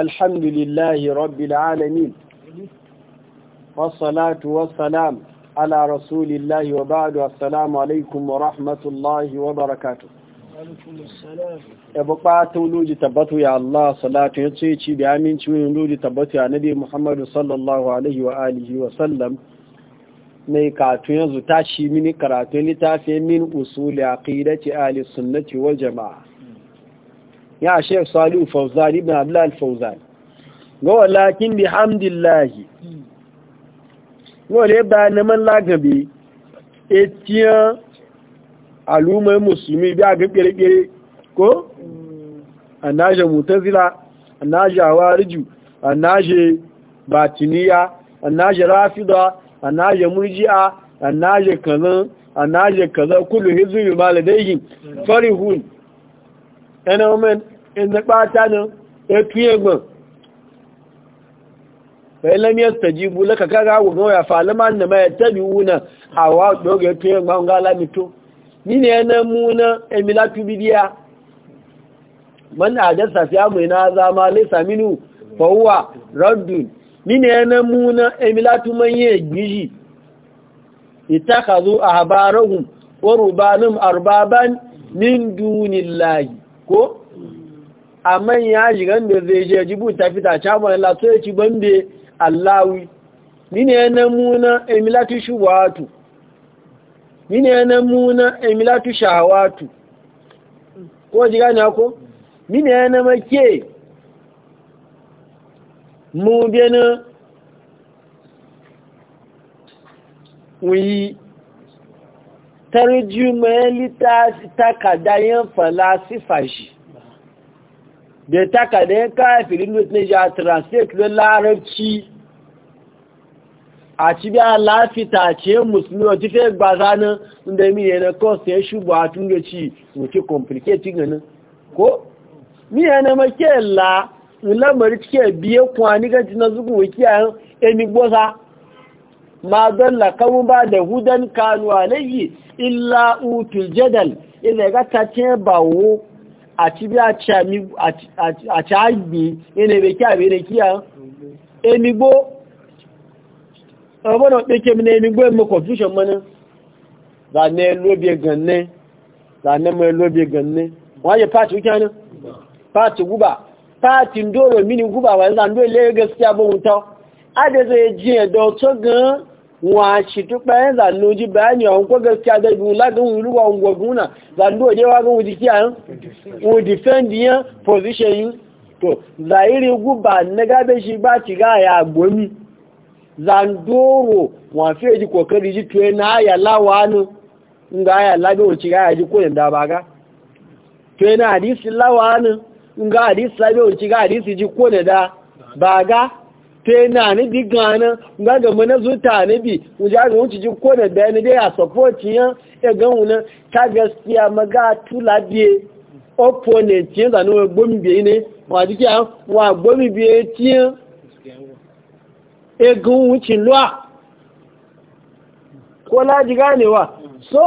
الحمد لله رب العالمين والصلاة والسلام على رسول الله وبعد السلام عليكم ورحمة الله وبركاته Ebukpa ta wuluji tabbatu ya Allah salatu ya ce ci da aminci wani wuluji tabbatu ya Nabi Muhammadu sallallahu Alaihi wa alihi wa sallam mai katu yanzu tashi mini karatun littafin min usuli a ahli alisunnaci wal jama'a ya shek salihu fauzan ibn abdullahi fauzan ga walakin bi hamdillahi wale ba na man lagabe etiyan al'ummar musulmi bi a ga kere-kere ko? annaje mutazila annaje hawariju annaje batiniya annaje rafida annaje murji'a annaje kazan annaje kaza kullu hizbi maladaihin farihun enomen inda ɓata nan ya tuye gban bai lamiyar ta ji bula ka kaga ya gawaya ma da mai tabi wuna wa ɗoga ya tuye gban ga lamito ni ne yana muna emila tubidiya man adasta fi amai na zama laisa minu fawwa raddun ni ne yana muna emila tumanye gishi itakazu ahbarahum wa rubanum arbaban min layi ko amma ya shigan da zai je jibu ta fita caman lato ya ci bambe allawi nina ya namuna emilatu shubatu nina ya namuna emilatu shahawatu ko ji gani ako nina ya make mu bena wuyi tarjuma littafi takadayen falasifa shi da taka da ya kaya filin witness ya translate na larabci a ci biya lafita ce musulmi wa fiye ba zanen inda mi ne na kosta ya shubu a tun da ci muke complicating ganin ko? mi na make la lamari cike biye kwani ganci na zugun wiki a emi gbosa ma don lakamu ba da hudan kanuwa na yi illa utul jadal ina ga ta ce ba wo àti bí àti àgbì inú ebe kí àbí inú kí à emigbó ọgbọ́nà pẹ́kẹ́ mi ní emigbó ẹmọ confusion mọ́ná lànà ẹlóbi gànnẹ́ lànà ẹmọ ẹlóbi gànnẹ́ wọ́n yẹ pàtí wíkẹ́ ánà pàtí gúbà pàtí ndóòrò mí gúbà wà ní wa shi duk bayan zanno ji bayani wa ko gaskiya da dun la gun ruwa gun guna zanno je wa gun wujiki an wo defend yan position yin to zairi guba na gabe shi ba ci ga ya gbomi zandoro wa fi ji kokari ji to na ya lawanu nga ya labe wo ci ga ya ji ko da baga to na hadisi lawanu nga hadisi labe wo ci ga hadisi ji ko da baga te na ni bi gana nga ga mana zuta ni bi ji da da ni a support yan e ga wuna ta gaskiya maga tula biye opponent yan da no ne wa dike an wa gbomi biye ti e ga wuci ko la ji so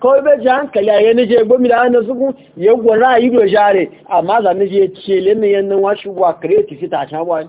kawai ji hankali a yi nije da suku yi do jare amma za wa creative ta shan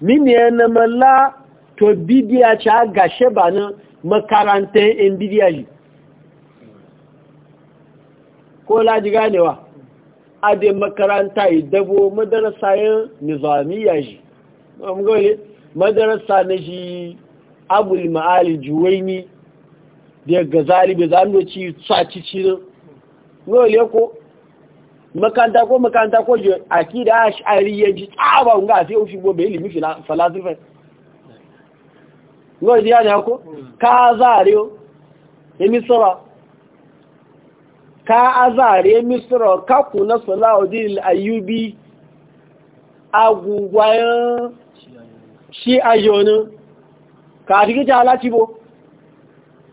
mini yana la to bidiya ci a gashe e ba na makarantar yan bidiya yi ko wa? ganewa ade makaranta idabo madarasa yin ya yi madarasa na shi abul ma'ali juwaini da gazali bai ci tsaci cirin gole ko makanta ko makanta ko je akida ash'ari tsaba nga sai ufi gobe ilimi falasifa ngo dia ne ko ka azariyo ne misra ka azare misra ka kuna salahuddin ayyubi agugwayan shi ayonin ka digi ta lati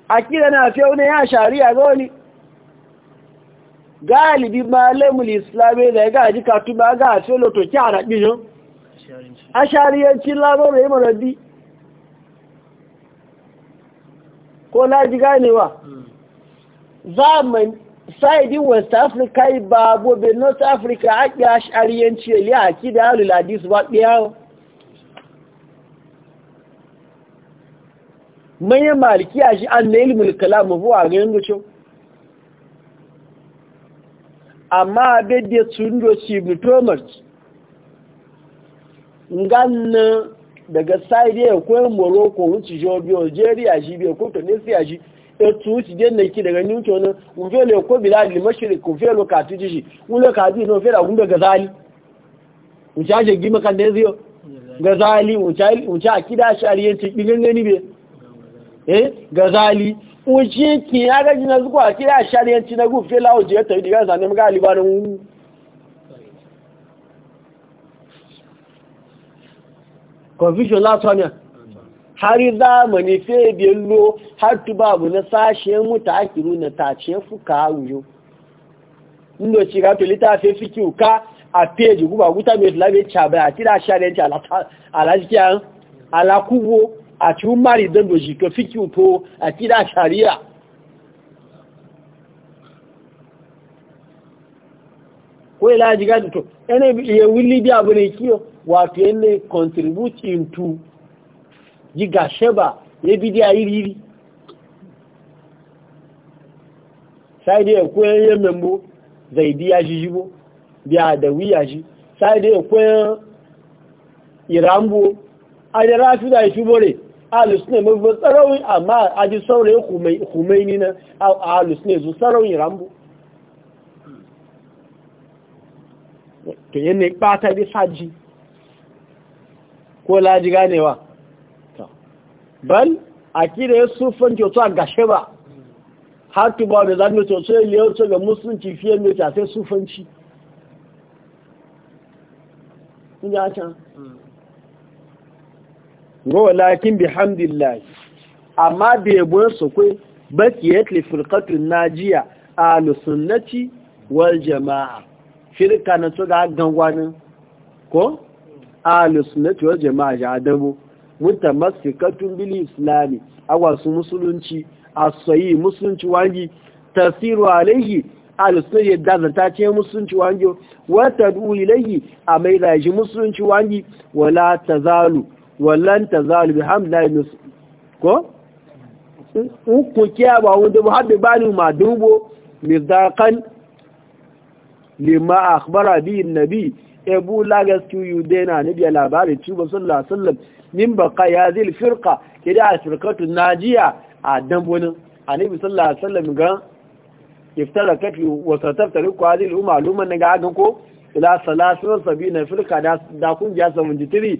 akida na fiye ne ya shari'a ga galibi malamul islamai da ya ga ji katu ba ga ce loto ki a raɓi yin a shariyanci labarai ya marabi ko na laji ganewa zaman saidi west africa yi babu be north africa a ƙi a shariyanci ya liya ki da halu ladis ba ɗiyawa manyan maliki a shi an na ilimin kalamu buwa ga yin gucin amma abin da sun doci ibn thomas ganna daga saidiya ya ko morocco wuce jordi algeria shi biya ko tunisia shi etu wuce jenna ki daga newton wuce le ko bilal mashirin ko felo ka tuji shi wulo ka ji no fera gun daga wuce ake gima kan da zai ga zali wuce akida shari'a ce ɗin gani be eh ga uji ki aga jina zuwa ki ya shariyanci na gufe lawo je ta diga sa ne mga libanin confusion last one har zamani fe bello har tu tubabu na sashe muta akiru na tace fuka wuyo ndo ci ga to litafe fiki uka a page guba guta me labe chaba a tira shariyanci ala ala kiyan ala kubo mari don doji to fíkí tó a ìdá shari'a ko laji jiga to ene iya willi biya abu ne kiyo wato ene contribute into giga sheba ya bi dia iriri sai dai ko ye membo zaidi ya jijibo biya da wiya ji sai dai ko irambo a da rafi da shi bore ahalus ne mafi tsarawin amma a saurayi humaini na ahalus ne zu tsarawin rambu. to yana ɓata da saji ko laji ganewa Ban a kira ya sufan kyoto a gashe ba har ki ba da zanen kyoto ya ce ga musulunci fiye mai tafe sufanci. Ina gowa lakin bihamdillah amma da yabon su kwai bakiyat li firqatun najiya ahlus sunnati wal jamaa firka na to ga gangwanin ko ahlus sunnati wal jamaa ja adabu mutamassikatun bil islami awa su musulunci a asayi musulunci wangi tasiru alaihi alusunan yadda zata ce musulunci wangi wata duhu ilaihi a mai raji musulunci wangi wala ta zalu wallan ta zalu bi hamdai nus ko ku ya ba wanda ba ni ma dubo mizaqan lima na bi annabi ebu la gaskiyu yudena nabi labari tuba sallallahu alaihi wasallam min baqa yazil firqa kida firqatu najiya a dambonin annabi sallallahu alaihi wasallam ga iftara kafi wa sataftar ko hadhihi al-umma luman ga ko ila salasun sabina firqa da da 73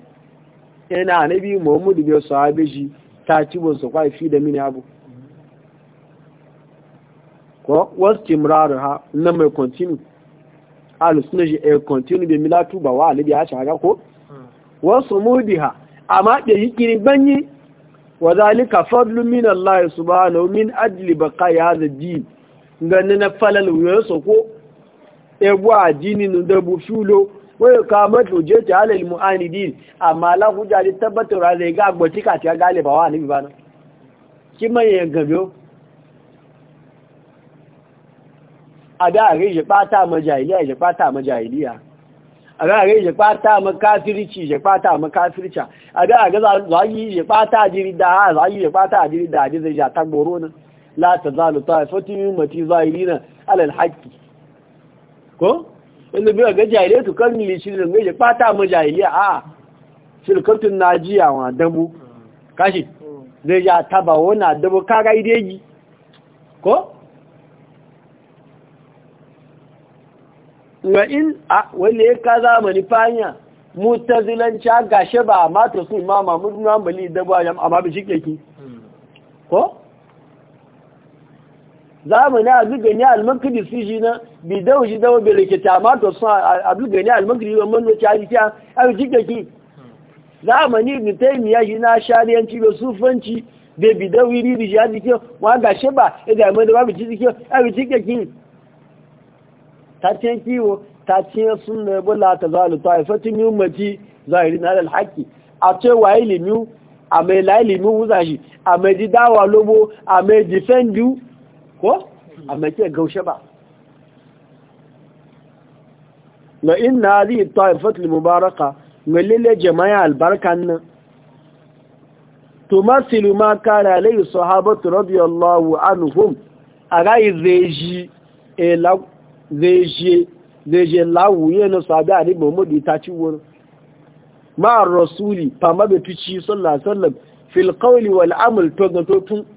yana anabi muhammadu bai sahabe shi ta ci wasu su kwa fi da mini abu ko wasu timraru ha na mai kontinu alu suna shi a eh, kontinu bai milatu ba wa anabi ya shaga ko wasu mudi ha amma da yi kiri banyi wa zalika fadlu min Allah subhanahu min ajli baqai hadha din ganin na falal wuyo so ko ebu adini nu da bu shulo wai kama tuje ta halal mu'anidin amma la hujja da tabbatar da ga gwaci ka ta ba wa annabi bana ki mai ya gabe a da ga je fata ma ja jahiliya je fata ma ja jahiliya a da ga je fata ma kafirci je fata ma kafirca a da ga za yi je fata jiri da za yi je fata jiri da ji zai ja ta goro nan la tazalu ta'ifatu min mati zahirina alal haqqi ko wanda biya ga jahiliya su kan ni shi da mai fata ma jahiliya a shirkatun najiya wa dabu kashi zai ya taba wana dabu kaga idegi ko wa in a wani ya ka zamani fanya mutazilanci gashe ba a to su imama na nan bali a amma ba shi keke ko zamani abdulgani al-makdisi su ji na bi shi ji dawo bai rike tamato sun abdulgani al-makdisi wa manzo ta ji ta a jike ki zamani ibn taymiya ji na shariyanci da sufanci da bi dawo ri bi ya jike wa ga sheba e ga mai da babu ji jike a jike ki ta ce kiwo ta ce sunna bula ta zalu ta fatin ummati zahirin alal haqqi a ce wa ilimi a mai la ilimi wuza a mai ji dawa lobo a mai defend you ko a gaushe ba la mubaraka walil jama'a al nan tumathilu ma kana alayhi sahabatu radiyallahu anhum agai zeji ela zeji lawu yana ta ci wuri rasuli fama betuci fil qawli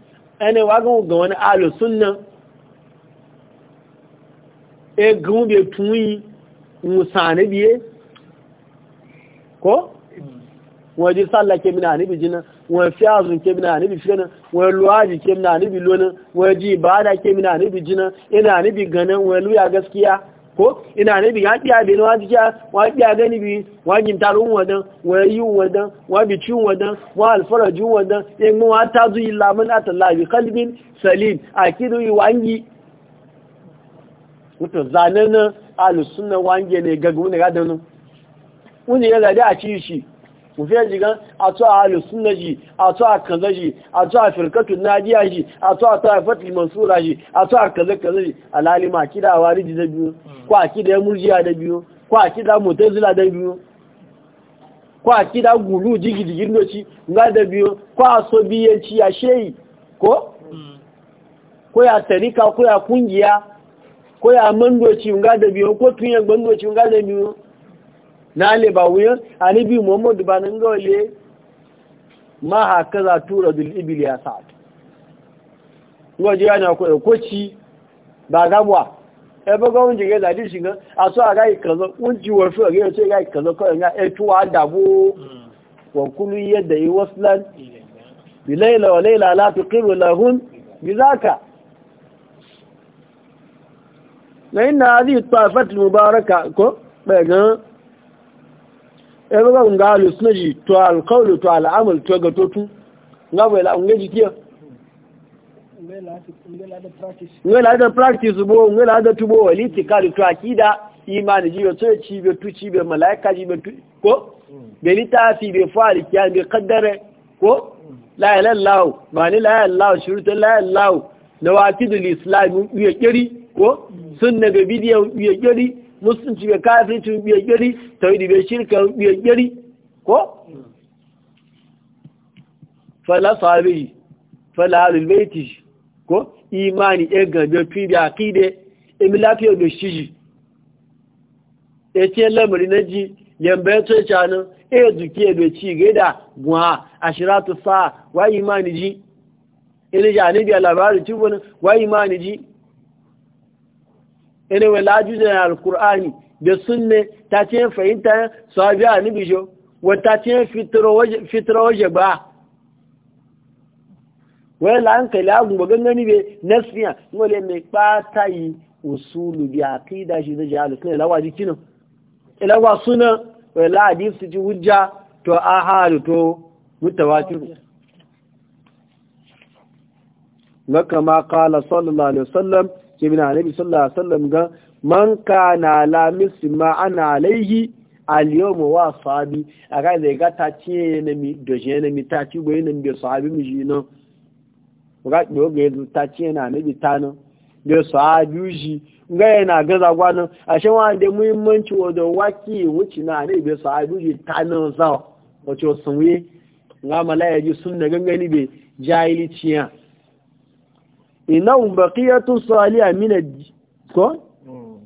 ene wagan ga wani alo sunna e gun be tuyi musane biye ko wọ́n jí sálà kébìnà níbi jiná wọ́n fi àzùn kébìnà níbi fíná wọ́n lọ́wájì kébìnà níbi lónà wọ́n jí ìbáadà kébìnà níbi jiná ina níbi ganin wọ́n lúyà gaskiya ko ina ne bi ya a bi wajen wajiya waƙi a gani bi wajin tarun wadan wayayyun wadan wabicin wadan wa alfarajin wadan yin mawa ta zuyi lamun atalla bi kalbin salim a kiru yi wangi wato zanen alusunan wange ne gaggun da gadanin wani ya da a ci shi mu fiye jigan a to a halin suna ji a to a kaza ji a to a firkatun jiya ji a to a taifatul mansura ji a to a kaza kaza ji alalima kida a wariji da biyu ko a kida ya murjiya da biyu ko a kida zula da biyu ko a kida gulu jigijigin doci nga da biyu ko a so biyanci ya sheyi ko ko ya tarika ko ya kungiya ko ya mandoci nga da biyu ko tun ya gbandoci nga da biyu na le ba wuyan bi muhammadu ba nan wale ma haka za tura dul ibil ya sa'ad waje yana ko koci ba gabwa e ba gawun ga da din shiga a so a ga kaza unji wa so ga ce ga kaza ko ga e tuwa da bu mm. wa kullu yadda yi waslan bi layla wa layla la tuqiru lahum bi zaka na inna hadhihi at-ta'ifatu mubaraka ko ba ga ẹgbẹ́ nga alùsùn yìí tó alkaulu to alàmùl to ga tó tún nga bọ̀ nga jì kíyà nga da practice bo nga lada tubo wali tikali to akida imani jiyo to ci be tu ci be malaika ji be ko be fi be fari kiyan be kaddare. ko la ilaha illallah ma ni la ilaha illallah shuruta la ilaha illallah nawaqidul islam biye kiri ko sunna be bidiyo biye kiri musulunci bai kafirci biya gari tauhidi bai shirka biya gari ko fala sahabi fala alul baiti ko imani e gabe fi bi aqide e mi lafiya do shiji e ce lamari na ji yamba to chanu e dukiye do ci gaida a ashiratu sa wa imani ji ile ja ne bi labari tubun wa imani ji ene we laju da alqur'ani da sunne ta ce fahimta sahabi annabi jo wata ce fitro waje fitro waje ba wai la an kai lagun ba gangani be nasiya ngole me pa tai usulu bi aqida shi da jalu la waji kino ila e wa sunna wai la hadis ji hujja to ahalu to mutawatir لكما قال صلى الله عليه وسلم ke bi na annabi sallallahu alaihi wasallam ga man kana la misma ana alayhi aliyomu wa sahabi a ga zai ga ta ci na mi doje na mi ta ci goyi na mi sahabi mi shi no ga ɗo ga yanzu ta ci na annabi ta no da sahabi shi ga yana gaza gwano a shi wa da muhimmanci wa da waki wuce na annabi sahabi shi ta no zawa wato sunwe ga malaya ji sun da gangani be jahiliciya إنهم بقية صالحة من الج...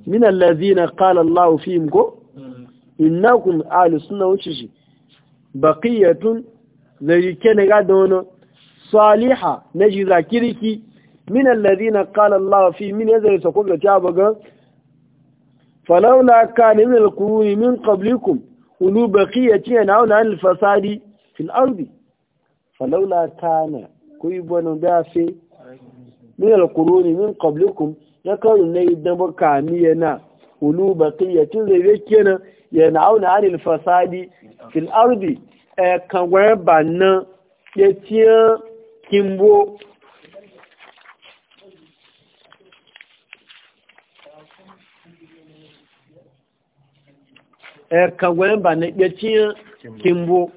من الذين قال الله فيهم إنكم آل السنة وشيشي بقية ذلكنا قادونا صالحة نجي ذاكريكي من الذين قال الله فيهم من يزل سقوم لتعبقا فلولا كان من القرون من قبلكم ولو بقية ينعون عن الفساد في الأرض فلولا كان كيبون بافي min alquruni min qablikum ya karu na idan ba kamiya na ulu baqiyatin zai be kenan ya na'auna anil fasadi fil ardi e kan gwa banna ya tiya kimbo e kan gwa banna ya tiya kimbo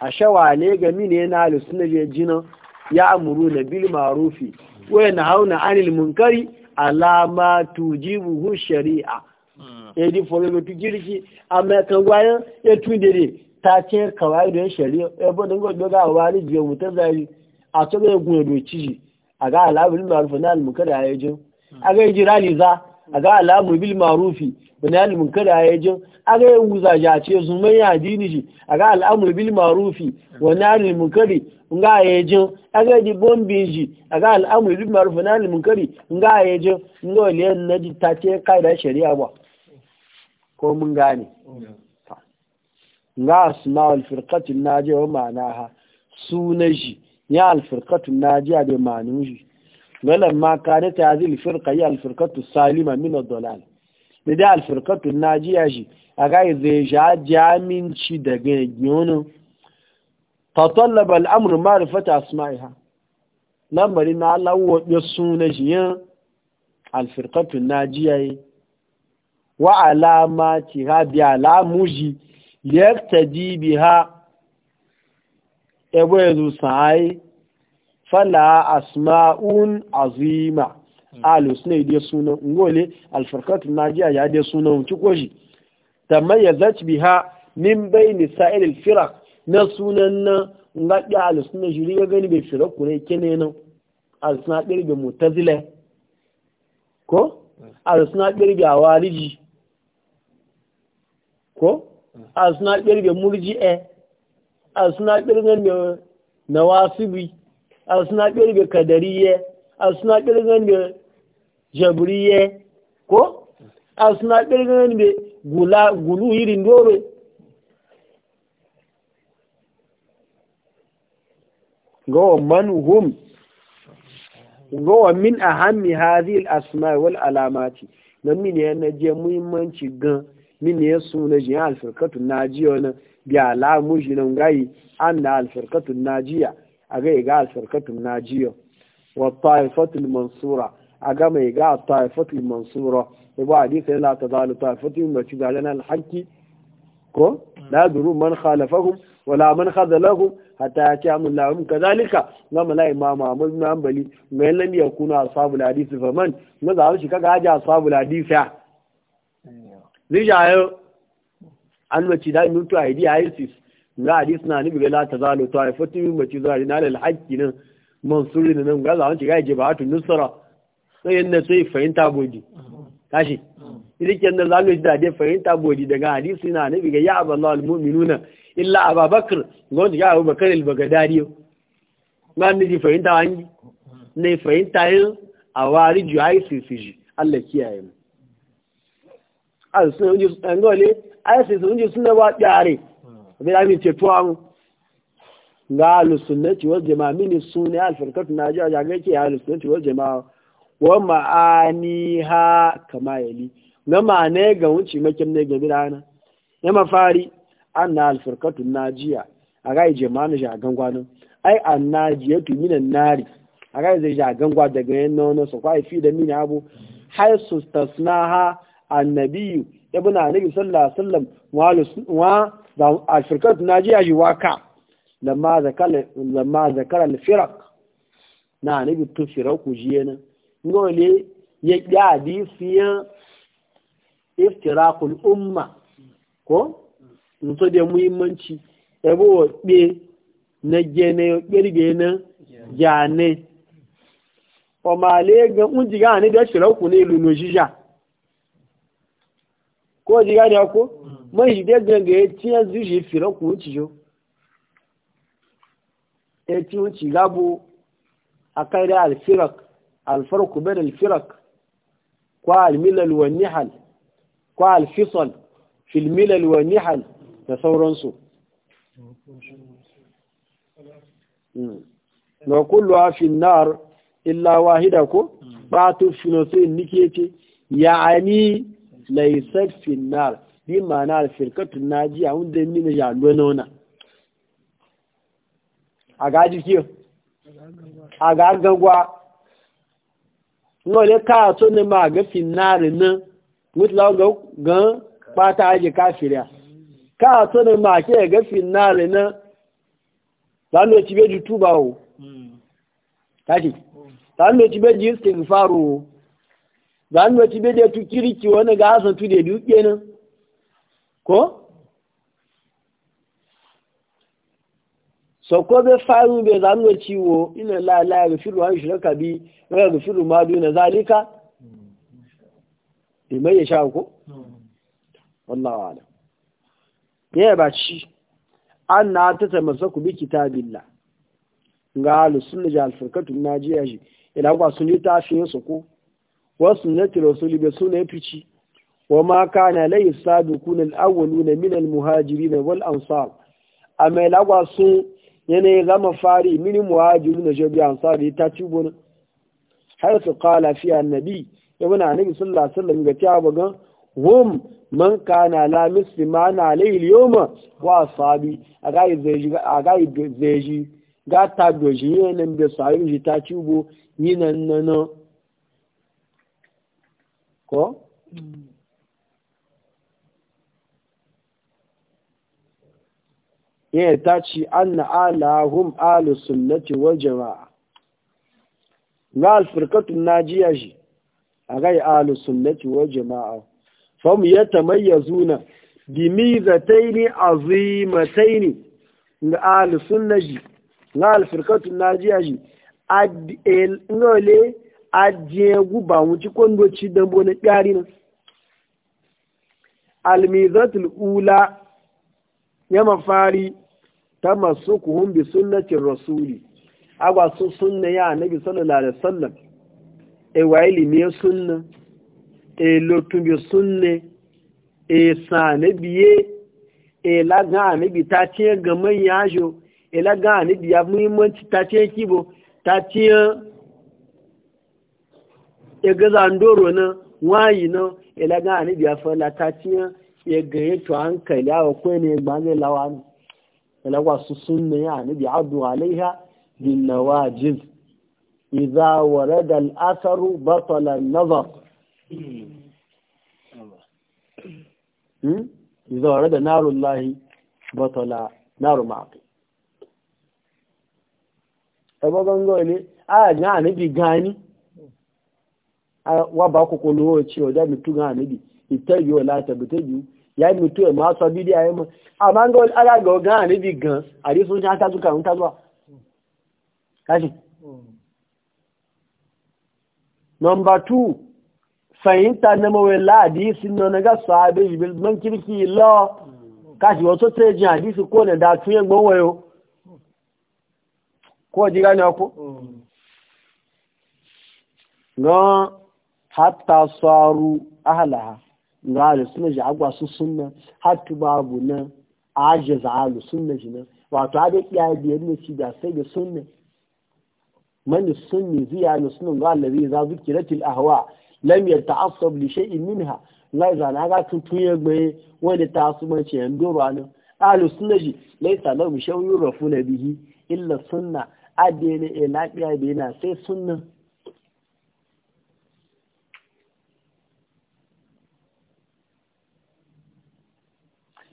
a shawa ne ga mine na alusuna jina ya amuru na bil marufi wa na hauna anil munkari alama tujibuhu shari'a hmm. edi foro lo tujiriki amma kan gwayan ya tundere ta ce kawai da shari'a ya bodin gobe ga wani biyo mutan zari a to ga gun edo ciji a ga alabul ma'ruf na al munkari a yajin hmm. a ga jirali za a ga alamu bil marufi bin alimin kada ya jin a ga yin wuza ja ce zumai ya dini shi a ga al'amur bil marufi wani alimin kari nga ya jin a ga di bombi shi a ga al'amur bil marufi na alimin kari nga ya jin nga wani yan na ji ta ce kai da shari'a ba ko mun gane nga asma wal firqatin najiya wa ha sunan shi ya al firqatun najiya da manu shi lọ́lẹ̀ ma káre tẹ́ azìlì fírka yí alfirkatu salima mino dolari ní dé alfirkatu náà jí a ṣì aká ìzẹ̀ ìṣá jẹ́ àmì ń ṣi dẹ̀gbẹ̀ ìgbìnnú tọ̀tọ̀ lẹ́bàá lámùrù máa rí fẹ́tẹ̀ asúmá ìhà lámùrù náà aláwọ̀ ọ̀pẹ́ sún ní ṣi yẹn alfirkatu náà jí a yí wà á la ma ti ha bí la mú ṣi yẹ́ tẹ̀dí ha ẹ̀wọ́ ẹ̀rù sàn á fala asma'un azima hmm. alusne ne dai sunan ngole alfarkatu najia ya dai sunan ci koji tamayyazat biha min bayni sa'il alfirq na sunan ngadi alusne jiri ga gani be firq kure kene nan alus na dirbe mutazila ko hmm. alus na dirbe awaliji ko hmm. alus na dirbe murji'e alus na dirbe nawasibi a suna kirga kadariye a suna kirgan da jabriye ko a suna kirgan da gulu irin dore gawa man hum gawa min a hadhihi al-asma wal alamati nan min ya je muhimmanci gan min ya suna jiya alfarkatun najiya wani bi alamu shi nan gayi an na alfarkatun najiya aga iga alfarkatun najiya wa ta'ifatul mansura aga mai ga ta'ifatul mansura ibu yana ta zalu ta'ifatul mace zalana alhaki ko la duru man khalafahum wala man khazalahum hatta ya ce amin lahum kazalika na mala imama amur na ambali mai lam yakuna ashabul hadisi faman na za shi kaga haja ashabul hadisi ya an mace da mutu a isis za a na ni bigala ta zalo to ai fatu min mace zuwa na lal haqqi nan mansuri nan nan gaza wanci gaje ba hatu nusra sai na sai fahimta godi tashi ke nan zalo shi da dai fahimta bodi daga hadisi na ni bigaya aballahu almu'minuna illa ababakar ga wanda ya abubakar al-bagadari ma ni ji fahimta wani ne fahimta yin a wari ju ICC ji Allah kiyaye mu a sun yi sun ga ne ICC sun ji sun da ba tsare bai da min cetuwa mu ga alusunnati wal jama'a min sunni al firqatu najiya ya ga ke alusunnati wal jama'a wa ma'aniha kama yali na ma'ane ga wuce makin ne ga bidana ya mafari na al firqatu najiya a ga jama'a ja gangwanin ai tu minan nari a ga zai ja gangwa daga yan nono su yi fi da mini abu hay sustasnaha annabi ibn an-nabi sallallahu alaihi wasallam wa الفرقة الناجية يواقع لما ذكر لما ذكر الفرق na ne bi to firaku jiyana ngole ya gadi fiya iftiraqul umma ko nto da muhimmanci ebo be na gene gerge na jane o male ga unji ga ne da firaku ne lu no jija ko ji gane ko man shi dai ganga ya ci ya zuci firan ku wuce jo ya ci wuce gabo a kai da alfirak alfarku bai alfirak ko almilal wa nihal ko alfisal filmilal wa nihal da sauransu na hmm. kulluwa fi nar illa wahida ko ba tu finosin nike ce ani laisat finnar bi ma'ana alfirkatun najiya wanda ni na yalo nona a gaji kiyo a gagagwa nole ka to ne ma ga finnar nan mutla ga gan pata aje kafiriya ka to ne ma ke ga finnar nan lanu ti beju tuba o hmm. kaji lanu ti beju faru o zan wace bai da tu ki wani ga asan tu da duke nan ko ko bai faru bai zan wace wo ina la la ga firu an shirka bi ga ga firu ma duna zalika bi mai sha ko wallahi ala ya ba shi an na ta ku bi kitabillah ga ahlus da jal na najiya shi ila kwa sunita shi su ko wasu na rasuli bai suna fici wa ma kana layi sabiquna al na min muhajiri na wal ansar A mai sun yanayi gama fari min muhajirin da jabi ansar ta ci gona har su qala fi annabi ibn annabi sallallahu alaihi ta baga hum man kana la na alayhi yawma wa sabi agai zeji agai zeji ga ta doji nan da ji ta ci nan yinan nan ko ya mm. eh, ta ci an na alahun waje wal jama'a ga alfirkatun jiya shi a gai alusunnati wal jama'a famu ya tamayyazu na bimizatai ne azimatai ne ga na ga alfirkatun jiya shi a ɗole ajiye guba wuci kwandoci don bone ƙari nan almizatul ula ya mafari ta masu kuhun bi sunnatin rasuli agwa sun sunna ya nabi sallallahu alaihi wasallam e wa ilimi sunna e lotun bi sunne e sane biye e lagan bi ta ce e ga manyan la e lagan bi ya muhimmanci ta ce kibo ta ce ya a ndoro na wayi na ilaga ani biya fa la ta tiya ya ga ya to hankali awa ko ne ba zai lawa ne ilaga su sunna ya ani bi abdu alaiha bin nawajib idza warada al atharu batala an nazar hmm? idza warada narullahi batala naru ma'aqi ebo gongo ne a ga ani bi gani wa ba ku kolo wa cewa da mutu ga anabi ita yi wa lata bi ta biyu ya yi mutu ya masu bidi a yi ma amma ga wani ala ga ga anabi gan a sun sun ta zuka mun ta zuwa kashi number two fahimta na mawai ladi sun nuna ga sahabe jibil man kirki law kashi wato ta yi jin hadisi ko na da tun yin yo ko ji gane ko mm. gan hatta saru ahalaha gari suna ji agwa su sunna hatu babu na aje za'alu sunna ji wato abin iya biyar ne ci da sai da sunna mani sunni ziya na sunan ga allazi za zikiratil ahwa lam yata'assab li shay'in minha lai za na ga tun ya gbe wani ta su mace yan doro nan alu sunna ji laisa lahum shawyu na bihi illa sunna adene e lafiya na sai sunna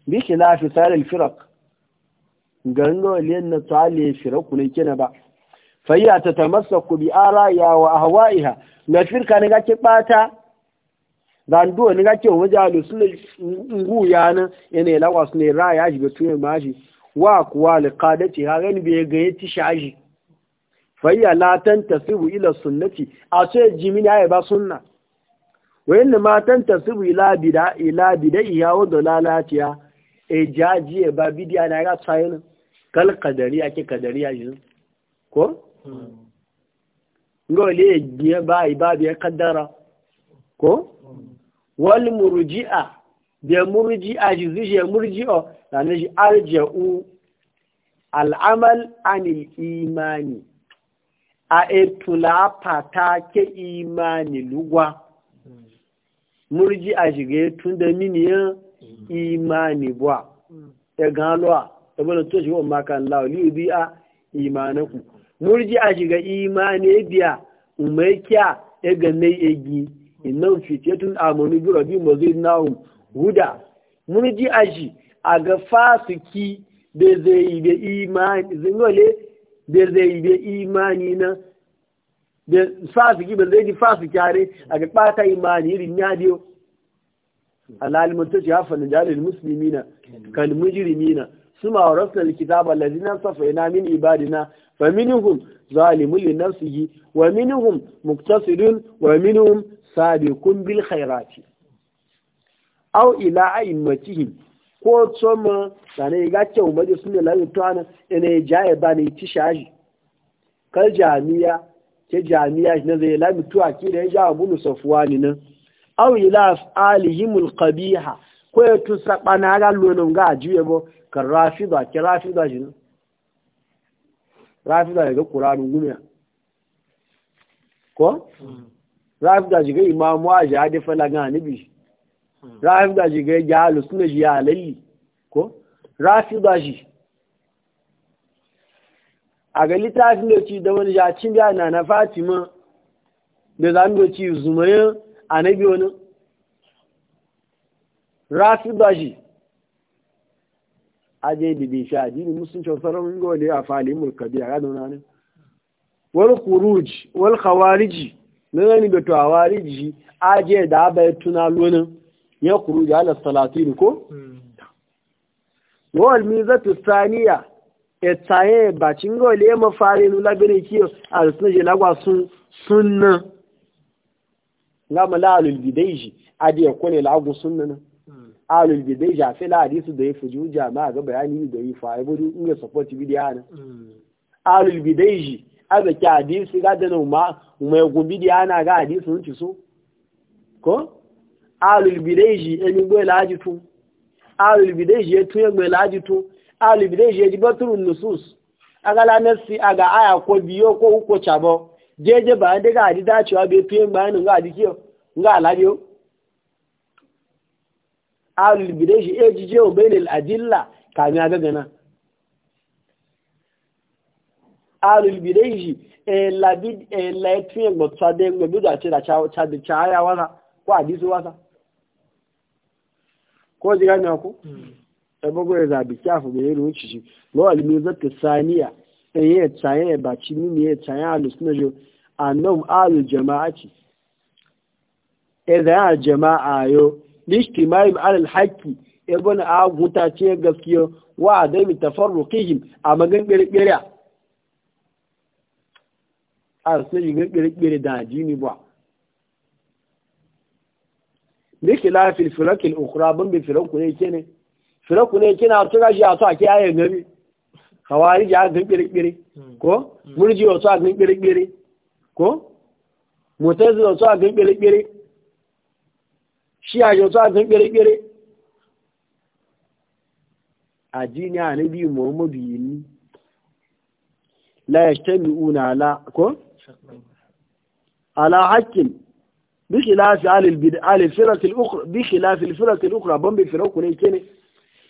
na khilafi tsarin firak ganga liyan na tsale firaku kina ba fayyata ta tamassaku bi araya wa ahwa'iha na firka ne gake bata zanduwa ne gake waje alu suna ngu yana yana yi lawa suna raya shi ga tuyen mashi wa kuwa liƙadaci ha gani bai ganye ti shaji fayya latan tasibu ila sunnati a so ya jimini ya ba sunna wayan da matan tasibu ila bida ila bida iya wa e jajiye ba bidiya na ga tsayin kal kadariya ke kadariya yi ko hmm. ngole biye ba yi e, ba biye kaddara ko wal murji'a biye murji'a ji zije murji'a sanin shi arja'u al'amal anil imani a etula fata ke imani lugwa murji a shige tun da yan imani buwa ya galuwa a bada to shi wani makan lauli bi a imanaku murji a shiga imani biya umarkiya ya ganne egi innan fitetun amonu bi mazi mazai nahun huda murji a shi a ga fasiki da zai yi da imani zingole da zai yi da imani na da fasiki ba zai ji fasiki yare a ga ɓata imani irin ya biyo alalimin ta ce hafa na jalil musulmi na kalmi jirimi na su ma rasu da kitaba lalina safa ina min ibadina fa minhum zalimun li nafsihi wa minhum muktasidun wa minhum sabiqun bil khairati aw ila aimatihim ko tsoma sane ga cewa maje sunne la yutana ina jaye bani shaji Kar jami'a ke jami'a na zai lami tuwa ki da ya ja abu nu safuwa ni nan aw ila alihimul qabiha ko ya tu sabana ga lonon ga ajuye bo kan rafida ki rafida shi nan rafida daga qur'anun gumiya ko rafida ga imamu a jihadi falaga nabi hmm. rafida jiga ya alu sunna ji alali ko rafida ji a ga littafin da ci da wani jacin biya na na fatima da za mu ci zumaye a na biyo wani rafi ba shi a je da bai sha jini musulunci sauran ga wani a mulka biya a nuna wani wal kuruj wal khawariji na gani da tawariji a je da bai tuna lona ya kuruji ala salatini ko hmm. wal mizatu saniya ẹ̀tàyẹ̀ bàtí ń gọ̀ọ́lé ẹ̀mọ́ fari inú lábẹ́rẹ́ kí àrùsùn ṣe lágbà sún náà lámàlá alùlùbìdẹ́yì ẹ̀kọ́ ni lágùn sún náà hmm. alùlùbìdẹ́yì àfẹ́lá àdísù dẹ̀ fojú jà máa gọ́ bẹ̀rẹ̀ ní ìdẹ̀ ifọ̀ àìbódú ń yẹ sọ̀pọ̀tì bídí àná alùlùbìdẹ́yì alibide je di baturun nusus agala nafsi aga aya ko biyo ko uko chabo jeje ba de ga di da cewa be tuye ba nan ga di kiyo nga ala alabiyo alibide je ejije o bainal adilla kami aga gana alibide je e la bi e la tuye gbo tsade gbo bi da ce da cha cha ya wala ko hadisi wasa ko jiga ne ko ebogo ya zabi kyafu ga yiru wuce shi lo alimi zata saniya in e yi tsaye ya baci mini ya tsaye a lusna jo a nom alu jama'a ce idan a jama'a yo lishti mai alal haƙƙi ibn e a mutace gaskiya wa a dai tafarruqihim a magan kirkira a sai yi kirkira da jini ba bi khilafil firaqil ukhra bin bi firaqu ne firaku ne kina tuka shi a su a kiyaye gari hawari ji a ƙirƙiri. ko hmm. Hmm. murji wasu a gan kirkiri ko motar zuwa su a gan shi a yau su a ƙirƙiri. kirkiri a jini a nabi muhammadu yini la ya shtami una ala ko ala hakkin بخلاف آل البدع آل الفرق الأخرى بخلاف الفرق الأخرى بمب فرق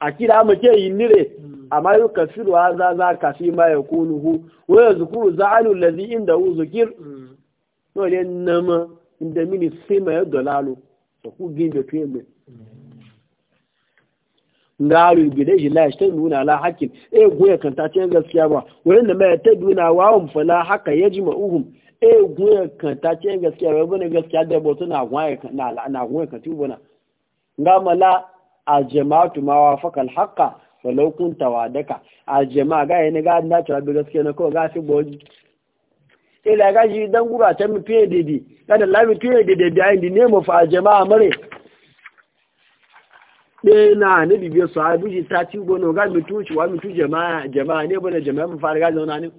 akida muke yi nire hmm. amma yau kafiru za za ka fi ma ya kunu hu waya zukuru za'alu lazi inda hu zukir hmm. no le nama inda mini sima ya dalalu to ku tuye to yembe ngaru bidai shi la shi nuna la hakin e goya kan ta cin gaskiya ba wani da ta duna wawun fala haka goya kan ta cin gaskiya ba gaskiya da goya kan na aljama'atu ma wafaka alhaqa walau kunta wadaka aljama'a ga yana ga na cewa bi gaske na ko ga fi boji ila ga ji dan gura ta mi fiye dede ga da lami fiye dede bi ayin ne mu fa jama'a mare de na ne bi biyo sahabu ji ta ci gono ga mi tuci wa mi tu jama'a jama'a ne bane jama'a mu fara ga zauna ne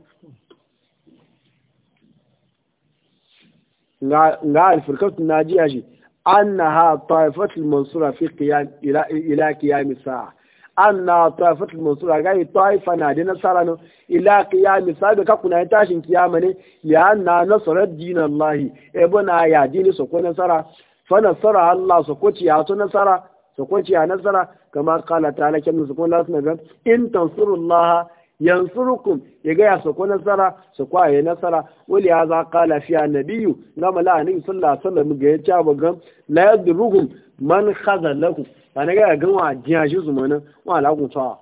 nga nga alfirkatu najiya ji أنها طائفة المنصورة في قيام إلى إلى قيام الساعة أن طائفة المنصورة غاي طائفة نادي نصرانو إلى قيام الساعة كنا يتاشن قيامنا لأن نصر دين الله ابنا يا دين سكو نصرا فنصر الله سكو تياتو نصرا سكو تيا نصرا كما قال تعالى كم سكو نصرا إن تنصر الله yansurukum ya gaya su ko nasara su kwaye nasara Wuli ya za kala fiya nabiyu na mala ni sallallahu alaihi wasallam ga ya ci abugan la yadruhum man khazalahu ana ga ga wa jiya shi su mana wa la ku ta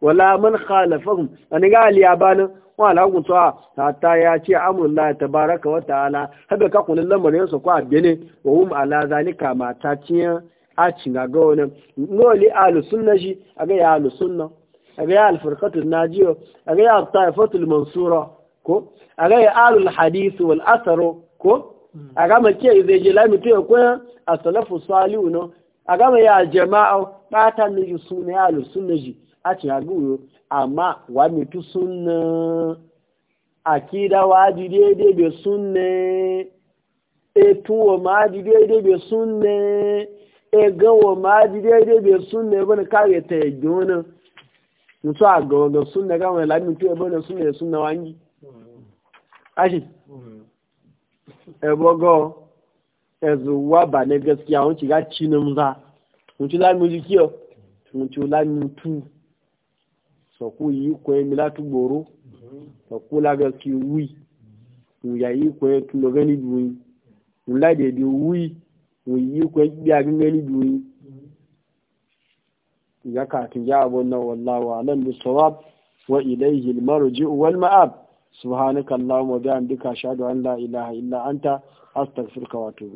wala man khalafahum ana ga ali abana wa la ku ta hatta ya ce amrullah tabaraka wa ta'ala haka ka kullun lamarin su kwa bene wa hum ala zalika mata ciya a cinga ga wani ngoli alusunna shi aga ya alusunna agaya alfarkatun najiyo agaya al-taifatul mansura ko agaya alul hadisi wal asaro ko aga mace zai je lamitu ya koya a salafu saliu no aga ma ya jama'a bata ne yi suna ya alu suna ji a cin aguyo amma wa mitu suna akida wa ji daidai bai suna etuwa ma ji daidai bai suna egawa ma ji daidai bai ne wani kare ta yi wani mutu a ga wanda suna gama lamin fiye bane suna ya suna wani ashi ebogo ezuwa ba na gaskiya wani shiga cinin za mutu lamin jikiyo mutu lamin tu sọkú yìí kọ ẹni láti gbòòrò sọkú lága kí wí ìyá yìí kọ ẹni tún lọ gẹ́ níbi wí ńlá ìdèdè wí ìyí kọ ẹni gbé agbẹ́gbẹ́ níbi wí. ya kafin ya abu na wallahu nan bi sawab wa ilayhi al marji'u wal ma'ab subhanaka allahumma wa bihamdika ashhadu an la ilaha illa anta astaghfiruka wa atubu